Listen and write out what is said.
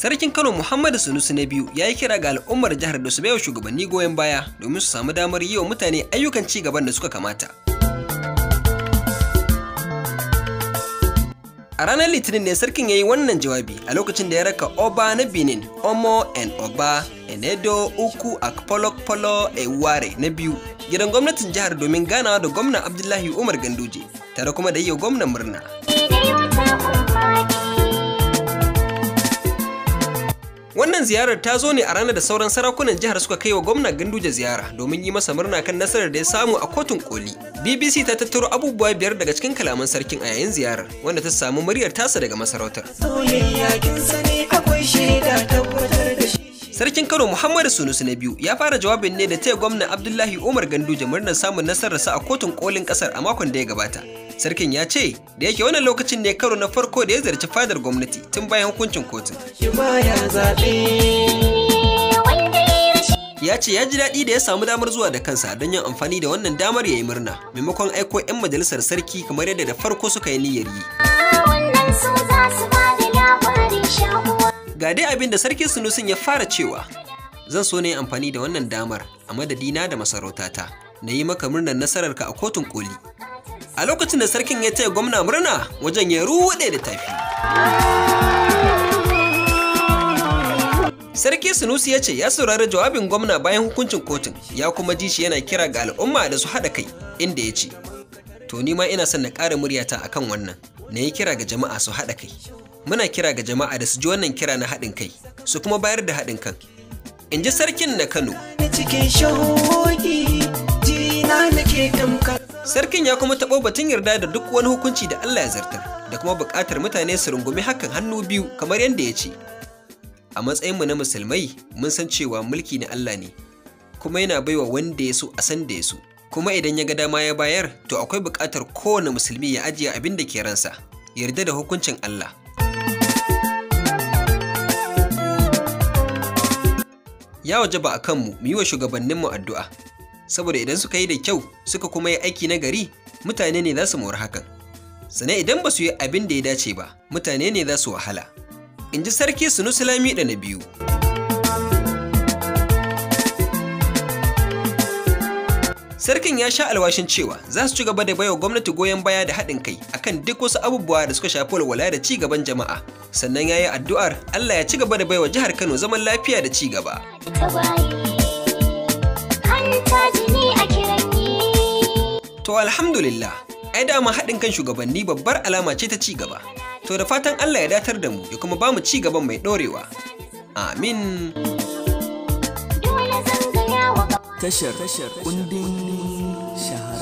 Sarkin Kano Muhammadu sunusu na biyu ya yi kira ga al'ummar jihar da su baiwa shugabanni goyon baya domin su samu damar yi wa mutane ayyukan ci gaban da suka kamata. A ranar Litinin ne sarkin ya yi wannan jawabi a lokacin da ya raka Oba na Benin, Omo and Oba Enedo Uku Akpolokpolo Eware na biyu gidan gwamnatin jihar domin ganawa da Gwamna Abdullahi Umar Ganduje tare kuma da yi gwamnan murna. Wannan ziyarar ta zo ne a ranar da sauran sarakunan jihar suka kai wa gwamna Ganduje ziyara domin yi masa murna kan nasarar da ya samu a kotun koli. BBC ta tattaro abubuwa biyar daga cikin kalaman sarkin a yayin ziyarar wanda ta samu muryar tasa daga masarautar. Soyayya kin akwai Sarkin Kano muhammad Sunusi na biyu ya fara jawabin ne da taya gwamnan Abdullahi Umar Ganduje murnar samun nasarar sa a kotun kolin kasar a makon da ya gabata. Sarkin ya ce da yake wannan lokacin ne karo na farko da ya zarci fadar gwamnati tun bayan hukuncin kotun. Ya ce ya ji daɗi da ya samu damar zuwa da kansa don yin amfani da wannan damar ya yi murna maimakon aiko 'yan majalisar sarki kamar yadda da farko suka yi niyyar yi. Ga dai abin da Sarki Sunusin ya fara cewa, zan so na yi amfani da wannan damar a madadina da masarautata na yi maka murnar nasararka a kotun koli. A lokacin da sarkin ya taya gwamna murna wajen ya ruɗe da tafi. Sarki Sunusi ya ce ya saurari jawabin gwamna bayan hukuncin kotun ya kuma ji shi yana kira ga al'umma da su haɗa kai inda ya ce, To ni ma ina son na ƙara muryata akan wannan, na yi kira ga jama'a su haɗa kai. muna kira ga jama'a da su ji wannan kira na haɗin kai su kuma bayar da haɗin kan in ji sarkin na kano sarkin ya kuma taɓo batun yarda da duk wani hukunci da allah ya zartar da kuma buƙatar mutane su rungumi hakan hannu biyu kamar yadda ya ce a matsayinmu na musulmai mun san cewa mulki na allah ne kuma yana baiwa wanda ya so a san da ya so kuma idan ya ga dama ya bayar to akwai buƙatar kowane musulmi ya ajiye abin da ke ransa yarda da hukuncin allah ya waje ba a kanmu mu yi wa shugabanninmu addu'a saboda idan suka yi da kyau suka kuma yi aiki na gari mutane ne za su mori hakan sannan idan ba su yi abin da ya dace ba mutane ne za su wahala in ji sarki sunusulami da na biyu Sarkin ya sha alwashin cewa za su ci gaba da baiwa gwamnati goyon baya da haɗin kai akan duk wasu abubuwa da suka shafi walwala da ci gaban jama'a. Sannan ya yi addu'ar Allah ya ci gaba da baiwa jihar Kano zaman lafiya da ci gaba. To alhamdulillah, ai dama haɗin kan shugabanni babbar alama ce ta ci gaba. To da fatan Allah ya datar da mu ya kuma ba mu ci gaban mai ɗorewa. Amin. tashar kundin shahara